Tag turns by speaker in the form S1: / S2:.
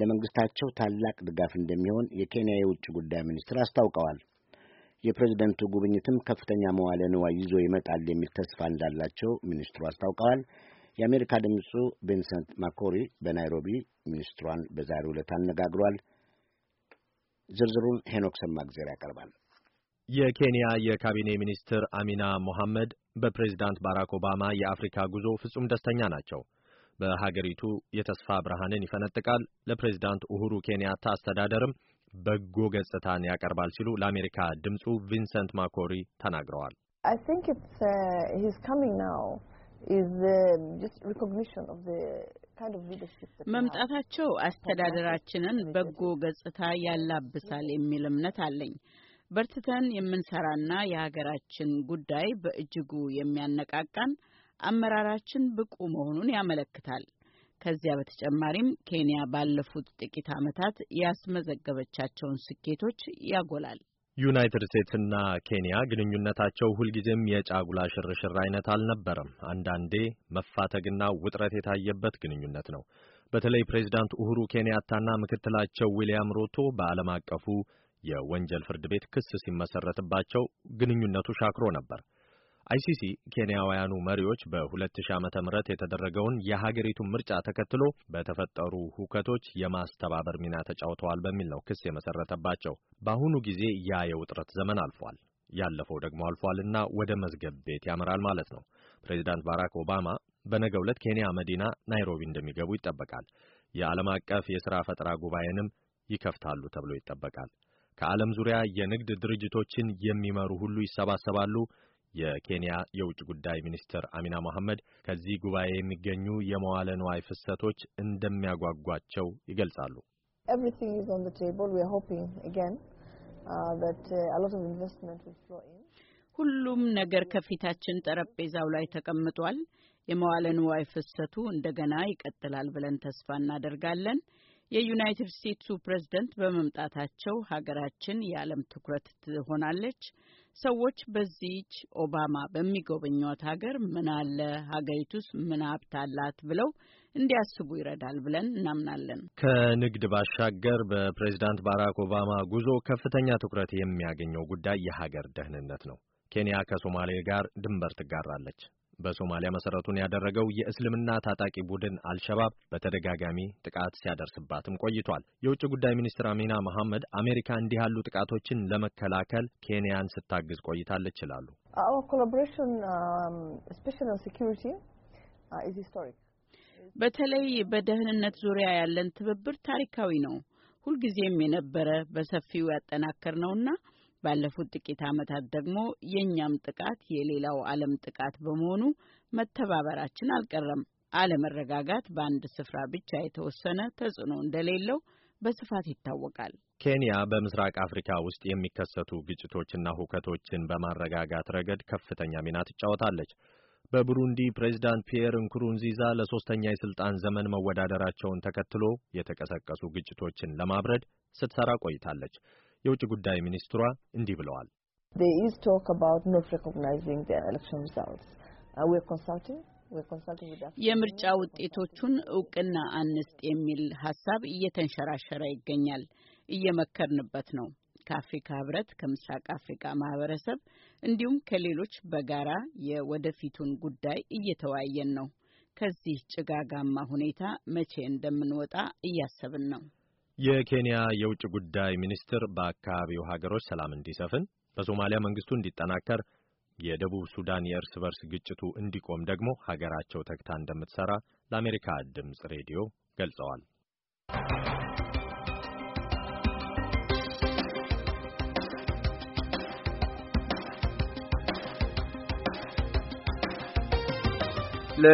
S1: ለመንግስታቸው ታላቅ ድጋፍ እንደሚሆን የኬንያ የውጭ ጉዳይ ሚኒስትር አስታውቀዋል። የፕሬዝደንቱ ጉብኝትም ከፍተኛ መዋለ ንዋይ ይዞ ይመጣል የሚል ተስፋ እንዳላቸው ሚኒስትሩ አስታውቀዋል። የአሜሪካ ድምፁ ቪንሰንት ማኮሪ በናይሮቢ ሚኒስትሯን በዛሬ ዕለት አነጋግሯል። ዝርዝሩን ሄኖክ ሰማግዜር ያቀርባል።
S2: የኬንያ የካቢኔ ሚኒስትር አሚና ሞሐመድ በፕሬዝዳንት ባራክ ኦባማ የአፍሪካ ጉዞ ፍጹም ደስተኛ ናቸው። በሀገሪቱ የተስፋ ብርሃንን ይፈነጥቃል፣ ለፕሬዚዳንት ኡሁሩ ኬንያታ አስተዳደርም በጎ ገጽታን ያቀርባል ሲሉ ለአሜሪካ ድምፁ ቪንሰንት ማኮሪ ተናግረዋል።
S1: uh, መምጣታቸው አስተዳደራችንን በጎ ገጽታ ያላብሳል የሚል እምነት አለኝ። በርትተን የምንሰራና የሀገራችን ጉዳይ በእጅጉ የሚያነቃቃን አመራራችን ብቁ መሆኑን ያመለክታል። ከዚያ በተጨማሪም ኬንያ ባለፉት ጥቂት ዓመታት ያስመዘገበቻቸውን ስኬቶች ያጎላል።
S2: ዩናይትድ ስቴትስና ኬንያ ግንኙነታቸው ሁልጊዜም የጫጉላ ሽርሽር አይነት አልነበረም። አንዳንዴ መፋተግና ውጥረት የታየበት ግንኙነት ነው። በተለይ ፕሬዚዳንት ኡሁሩ ኬንያታና ምክትላቸው ዊልያም ሮቶ በዓለም አቀፉ የወንጀል ፍርድ ቤት ክስ ሲመሰረትባቸው ግንኙነቱ ሻክሮ ነበር። አይሲሲ ኬንያውያኑ መሪዎች በ2000 ዓመተ ምህረት የተደረገውን የሀገሪቱን ምርጫ ተከትሎ በተፈጠሩ ሁከቶች የማስተባበር ሚና ተጫውተዋል በሚል ነው ክስ የመሰረተባቸው። በአሁኑ ጊዜ ያ የውጥረት ዘመን አልፏል፣ ያለፈው ደግሞ አልፏልና ወደ መዝገብ ቤት ያመራል ማለት ነው። ፕሬዚዳንት ባራክ ኦባማ በነገ ዕለት ኬንያ መዲና ናይሮቢ እንደሚገቡ ይጠበቃል። የዓለም አቀፍ የሥራ ፈጠራ ጉባኤንም ይከፍታሉ ተብሎ ይጠበቃል። ከዓለም ዙሪያ የንግድ ድርጅቶችን የሚመሩ ሁሉ ይሰባሰባሉ። የኬንያ የውጭ ጉዳይ ሚኒስትር አሚና መሐመድ ከዚህ ጉባኤ የሚገኙ የመዋለ ንዋይ ፍሰቶች እንደሚያጓጓቸው ይገልጻሉ።
S1: uh, uh, ሁሉም ነገር ከፊታችን ጠረጴዛው ላይ ተቀምጧል። የመዋለ ንዋይ ፍሰቱ እንደገና ይቀጥላል ብለን ተስፋ እናደርጋለን። የዩናይትድ ስቴትሱ ፕሬዝደንት በመምጣታቸው ሀገራችን የዓለም ትኩረት ትሆናለች። ሰዎች በዚች ኦባማ በሚጎበኟት ሀገር ምን አለ ሀገሪቱስ ምን ሀብት አላት ብለው እንዲያስቡ ይረዳል ብለን እናምናለን።
S2: ከንግድ ባሻገር በፕሬዚዳንት ባራክ ኦባማ ጉዞ ከፍተኛ ትኩረት የሚያገኘው ጉዳይ የሀገር ደህንነት ነው። ኬንያ ከሶማሌ ጋር ድንበር ትጋራለች። በሶማሊያ መሰረቱን ያደረገው የእስልምና ታጣቂ ቡድን አልሸባብ በተደጋጋሚ ጥቃት ሲያደርስባትም ቆይቷል። የውጭ ጉዳይ ሚኒስትር አሚና መሐመድ አሜሪካ እንዲህ ያሉ ጥቃቶችን ለመከላከል ኬንያን ስታግዝ ቆይታለች ይላሉ።
S1: um, uh, በተለይ በደህንነት ዙሪያ ያለን ትብብር ታሪካዊ ነው፣ ሁልጊዜም የነበረ በሰፊው ያጠናከር ነውና ባለፉት ጥቂት ዓመታት ደግሞ የእኛም ጥቃት የሌላው ዓለም ጥቃት በመሆኑ መተባበራችን አልቀረም። አለመረጋጋት በአንድ ስፍራ ብቻ የተወሰነ ተጽዕኖ እንደሌለው በስፋት ይታወቃል።
S2: ኬንያ በምስራቅ አፍሪካ ውስጥ የሚከሰቱ ግጭቶችና ሁከቶችን በማረጋጋት ረገድ ከፍተኛ ሚና ትጫወታለች። በቡሩንዲ ፕሬዚዳንት ፒየር እንኩሩንዚዛ ለሶስተኛ የስልጣን ዘመን መወዳደራቸውን ተከትሎ የተቀሰቀሱ ግጭቶችን ለማብረድ ስትሰራ ቆይታለች። የውጭ ጉዳይ ሚኒስትሯ እንዲህ ብለዋል።
S1: uh, የምርጫ ውጤቶቹን እውቅና አንስጥ የሚል ሀሳብ እየተንሸራሸረ ይገኛል። እየመከርንበት ነው። ከአፍሪካ ህብረት፣ ከምስራቅ አፍሪካ ማህበረሰብ እንዲሁም ከሌሎች በጋራ የወደፊቱን ጉዳይ እየተወያየን ነው። ከዚህ ጭጋጋማ ሁኔታ መቼ እንደምንወጣ እያሰብን ነው።
S2: የኬንያ የውጭ ጉዳይ ሚኒስትር በአካባቢው ሀገሮች ሰላም እንዲሰፍን፣ በሶማሊያ መንግስቱ እንዲጠናከር፣ የደቡብ ሱዳን የእርስ በርስ ግጭቱ እንዲቆም ደግሞ ሀገራቸው ተግታ እንደምትሰራ ለአሜሪካ ድምፅ ሬዲዮ ገልጸዋል።